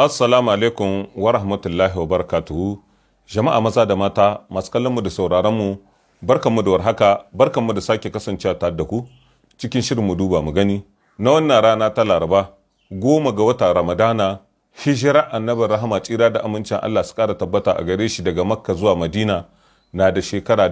Assalamu alaikum wa rahmatullahi wa barakatuhu. Jama'a maza da mata, masu kallonmu da sauraronmu, barkanmu da warhaka, barkanmu da sake kasancewa tare da ku cikin shirin mu duba mu gani. Na wannan rana ta Laraba, goma ga wata Ramadana, hijira annabi rahama tsira da amincin Allah su kara tabbata a gare shi daga Makka zuwa Madina na da shekara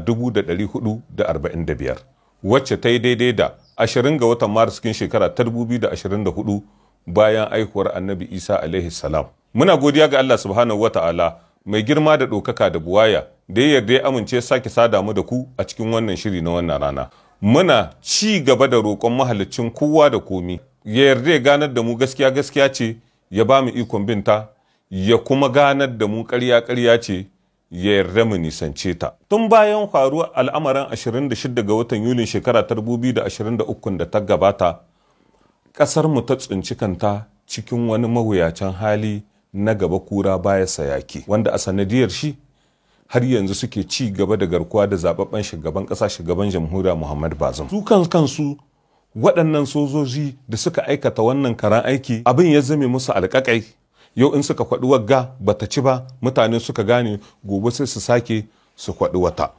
biyar wacce ta yi daidai da ashirin ga watan Maris cikin shekara ta 2024 bayan aihuwar annabi isa alaihi salam muna godiya ga allah subhanahu ta'ala, mai girma da ɗaukaka da buwaya da ya yarda ya amince sake sada mu da ku a cikin wannan shiri na wannan rana muna ci gaba da roƙon mahalicin kowa da komi ya yarda ya ganar da mu gaskiya gaskiya ce ya ba mu ikon binta ya kuma ganar da mu karya ƙarya ce ya yarda mu nisance ta. Tun bayan faruwar al'amarin 26 ga watan Yulin shekara ta 2023 da ta gabata, ƙasarmu ta tsinci kanta cikin wani mawuyacin hali na gaba kura baya sayaki wanda a sanadiyar shi har yanzu suke ci gaba da garkuwa da zababben shugaban ƙasa shugaban jamhuriya muhammad bazum su kan kansu waɗannan sojoji da suka aikata wannan karan aiki abin ya zame musu alƙaƙai yau in suka kwaɗi wagga bata ci ba mutane suka gane gobe sai su sake su kwaɗi wata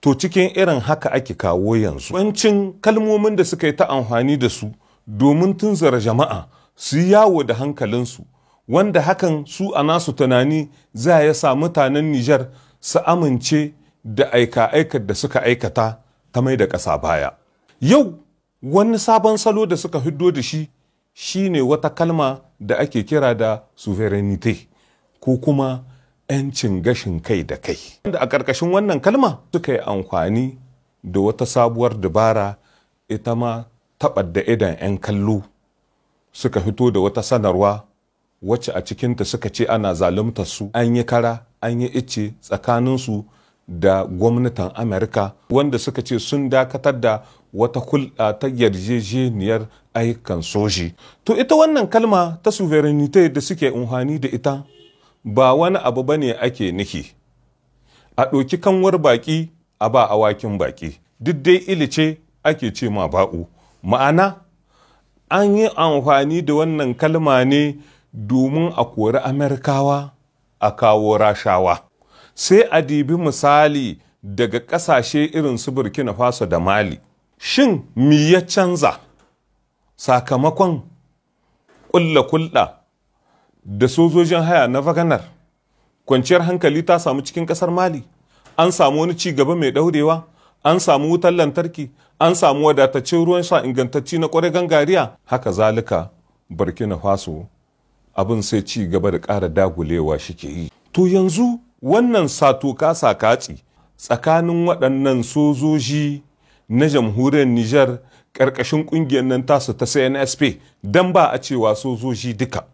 to cikin irin haka ake kawo yanzu wancin kalmomin da suka yi ta amfani da su domin tunzara jama'a su yi yawo da hankalinsu wanda hakan su a nasu tunani za ya sa mutanen Nijar su amince da aika-aikar da suka aikata ta mai da ƙasa baya. Yau wani sabon salo da suka hiddo da shi shi ne wata kalma da ake kira da sovereignty ko kuma 'yancin gashin kai da kai. Wanda a ƙarƙashin wannan kalma suka yi amfani da wata sabuwar dabara ita ma taɓar da idan 'yan kallo suka fito da wata sanarwa wacce a cikinta suka ce ana zaluntar su an yi kara an yi ice tsakaninsu da gwamnatin amerika wanda suka ce sun dakatar da wata hulɗa ta yarjejeniyar ayyukan soji to ita wannan kalma ta sovereignty da suke unhani da ita ba wani abu ba ne ake niki a ɗauki kanwar baƙi a ba awakin baƙi duk dai ilice ake ce ma ba'u ma'ana an yi amfani da wannan kalma ne domin a kori amerikawa a kawo rashawa sai a dibi misali daga ƙasashe irin su burkina faso da mali shin mi ya canza sakamakon kulla-kulla da sojojin haya na vaganar kwanciyar hankali ta samu cikin ƙasar mali an samu wani ci gaba mai ɗaurewa an samu wutar lantarki an samu wadataccen ruwan sha ingantacci na kwarai gangariya haka zalika burkina faso abin sai ci gaba da ƙara dagulewa shi ke yi to yanzu wannan sato kasa kaci tsakanin waɗannan sojoji na jamhuriyar niger ƙarƙashin ƙungiyar nan tasu ta cnsp don ba a cewa sojoji duka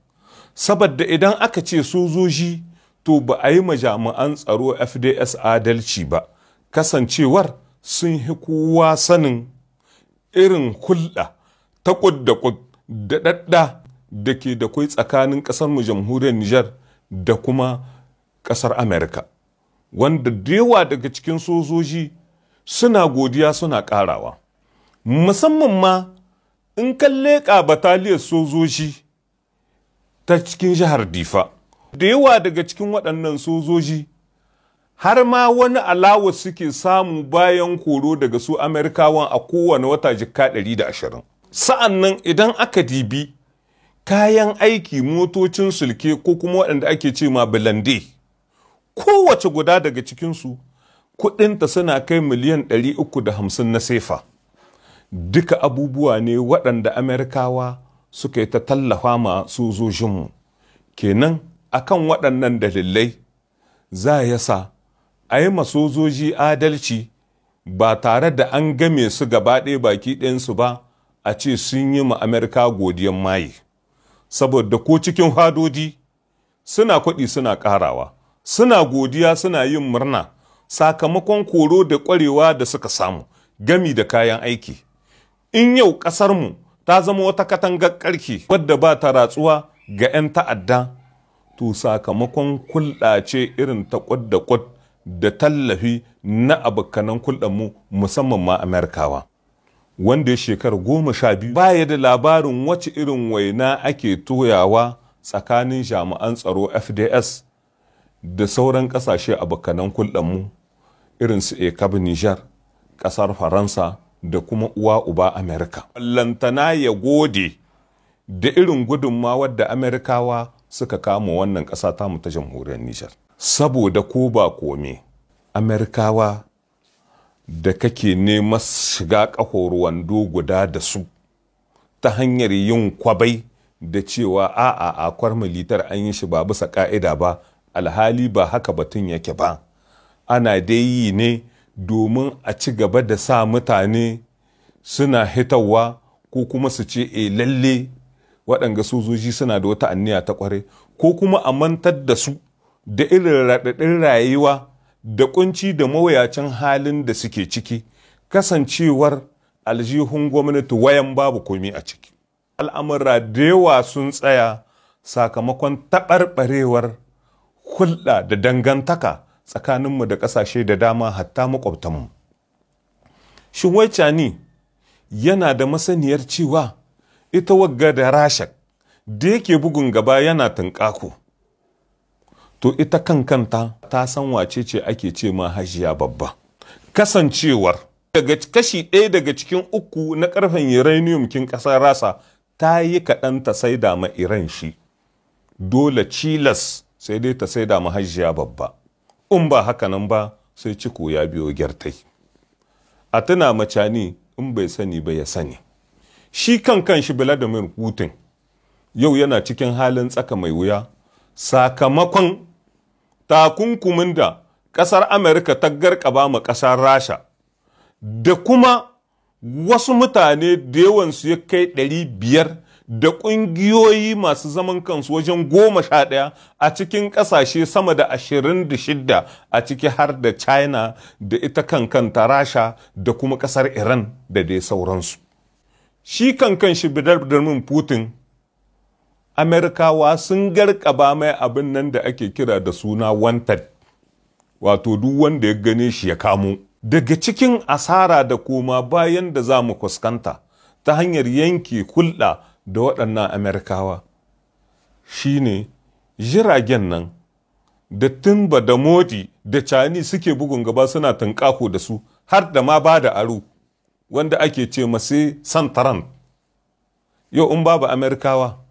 saboda idan aka ce sojoji to ba a yi ma jami'an tsaro fds adalci ba kasancewar sun yi kowa sanin irin hulɗa ta da da da ke da kwai tsakanin ƙasarmu jamhuriyar Nijar da kuma ƙasar Amerika. Wanda da yawa daga cikin sojoji suna godiya suna ƙarawa. Musamman ma in kan leƙa bataliyar sojoji ta cikin jihar Difa. Da yawa daga cikin waɗannan sojoji har ma wani alawa suke samu bayan koro daga su amerikawan a kowane wata jikka 120 sa'an nan idan aka dibi kayan aiki motocin sulke ko kuma waɗanda ake ce ma bilande kowace guda daga cikinsu kuɗinta suna kai miliyan 350 na sefa duka abubuwa ne waɗanda amerikawa suka yi ta tallafa ma sojojinmu kenan akan waɗannan dalilai za ya sa a yi masojoji adalci ba tare da an game su gaba ɗaya baki ɗayansu ba a ce sun yi ma amerika godiyan maye saboda ko cikin hadodi suna kwaɗi suna ƙarawa suna godiya suna yin murna sakamakon koro da ƙwarewa da suka samu gami da kayan aiki in yau ƙasarmu ta zama wata katangar ƙarki wadda ba ta ratsuwa ga 'yan ta'adda to sakamakon kulɗace irin ta ƙwad da ƙwad. da tallafi na abokanan mu musamman ma amerikawa wanda ya shekara goma sha biyu baya da labarin wace irin waina ake toyawa tsakanin jami'an tsaro fds da sauran kasashe abokanan mu irin su ekabu nijar ƙasar faransa da kuma uwa uba amerika lantana ya gode da irin gudunmawar da amerikawa suka kama wannan ƙasa tamu ta jamhuriyar nijar saboda ko ba kome amerikawa da kake nema shiga ƙahon wando guda da su ta hanyar yin kwabai da cewa a'a akwar militar an yi shi ba bisa ka'ida ba alhali ba haka batun yake ba ana dai yi ne domin a ci gaba da sa mutane suna hitawa ko kuma su ce e lalle waɗanga sojoji suna da wata anniya ta kware ko kuma a mantar da su da irin raɗaɗin rayuwa da kunci da mawuyacin halin da suke ciki kasancewar aljihun gwamnati wayan babu komi a ciki al'amura da yawa sun tsaya sakamakon taɓarɓarewar hulɗa da dangantaka tsakaninmu da ƙasashe da dama hatta maƙwabtanmu shin wai yana da masaniyar cewa ita wagga da rashak da yake bugun gaba yana tunƙaku. to ita kankanta ta san wace ce ake ce ma hajiya babba kasancewar daga kashi ɗaya daga cikin uku na ƙarfen uranium kin ƙasar rasa ta yi kaɗan ta saida ma iran shi dole cilas sai dai ta saida ma hajiya babba in ba haka nan ba sai ciko ya biyo gyartai a tuna macani in bai sani ba ya sani shi kan kan shi vladimir putin yau yana cikin halin tsaka mai wuya sakamakon takunkumin da ƙasar Amerika ta garkaba ma ƙasar Rasha da kuma wasu mutane da yawansu ya kai ɗari biyar da ƙungiyoyi masu zaman kansu wajen goma sha ɗaya a cikin ƙasashe sama da ashirin da shida a ciki har da china da ita kankanta rasha da kuma ƙasar iran da dai sauransu shi kankan shi bidar putin amerikawa sun garkaba mai abin nan da ake kira da suna wanted wato duk wanda ya gane shi ya kamo daga cikin asara da koma bayan da za mu fuskanta ta hanyar yanke kulɗa da waɗannan amerikawa shine jiragen nan da timba da modi da cani suke bugun gaba suna tunƙaho da su har da ma ba da aro wanda ake ce masai santaran yau in babu amerikawa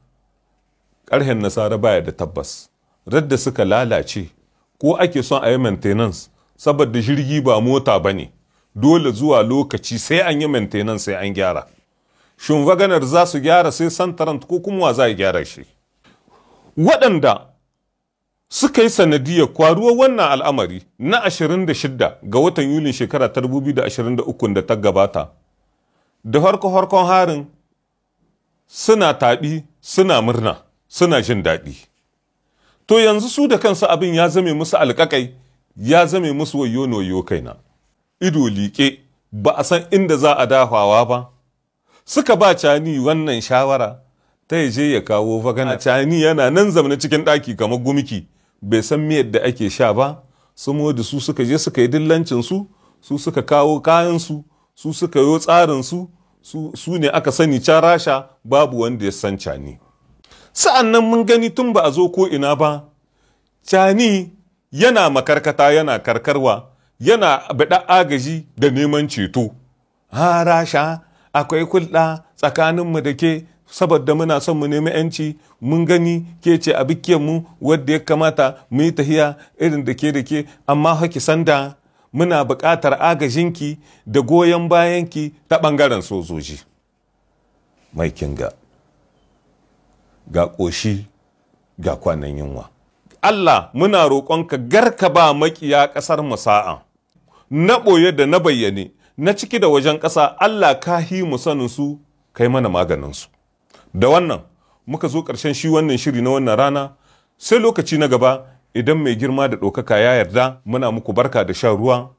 ƙarhen nasara baya da tabbas radda suka lalace ko ake son a yi maintenance saboda jirgi ba mota ba ne dole zuwa lokaci sai an yi maintenance sai an gyara shin waganar za su gyara sai santarant ko kuma za a gyara shi waɗanda suka yi sanadiyar kwaruwa wannan al'amari na 26 ga watan yulin shekara 2023 da ta gabata da harko harkon harin suna taɓi suna murna suna jin daɗi to yanzu su da kansu abin ya zame musu alƙaƙai ya zame musu wayo wayo kaina ido liƙe ba a san inda za a dafawa ba suka ba cani wannan shawara ta je ya kawo vagana cani yana nan zamana cikin ɗaki kamar gumiki bai san me yadda ake sha ba su da su suka je suka yi dillancin su su suka kawo kayan su su suka yo tsarin su su ne aka sani can rasha babu wanda ya san cani sa'an nan mun gani tun ba a zo ko ina ba cani yana makarkata yana karkarwa yana bada agaji da neman ceto ha rasha akwai kulɗa tsakaninmu da ke saboda muna son mu nemi yanci mun gani ke ce a mu wadda ya kamata mu yi tahiya irin da ke da ke amma haki sanda muna buƙatar agajinki da goyon bayanki ta ɓangaren sojoji mai kinga ga ƙoshi ga kwanan yunwa Allah muna roƙonka garka ba maƙiya ƙasar masa'a na ɓoye da na bayyane na ciki da wajen ƙasa Allah ka hi mu sanin su kai mana maganinsu. da wannan muka zo ƙarshen shi wannan shiri na wannan rana sai lokaci na gaba idan mai girma da ɗaukaka ya yarda muna muku barka da shan ruwa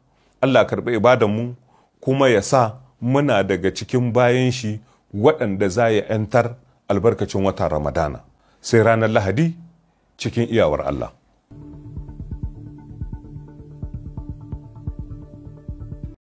Allah karɓi mu kuma ya sa muna daga cikin bayan shi waɗanda za ya 'yantar albarkacin wata ramadana sai ranar lahadi cikin iyawar Allah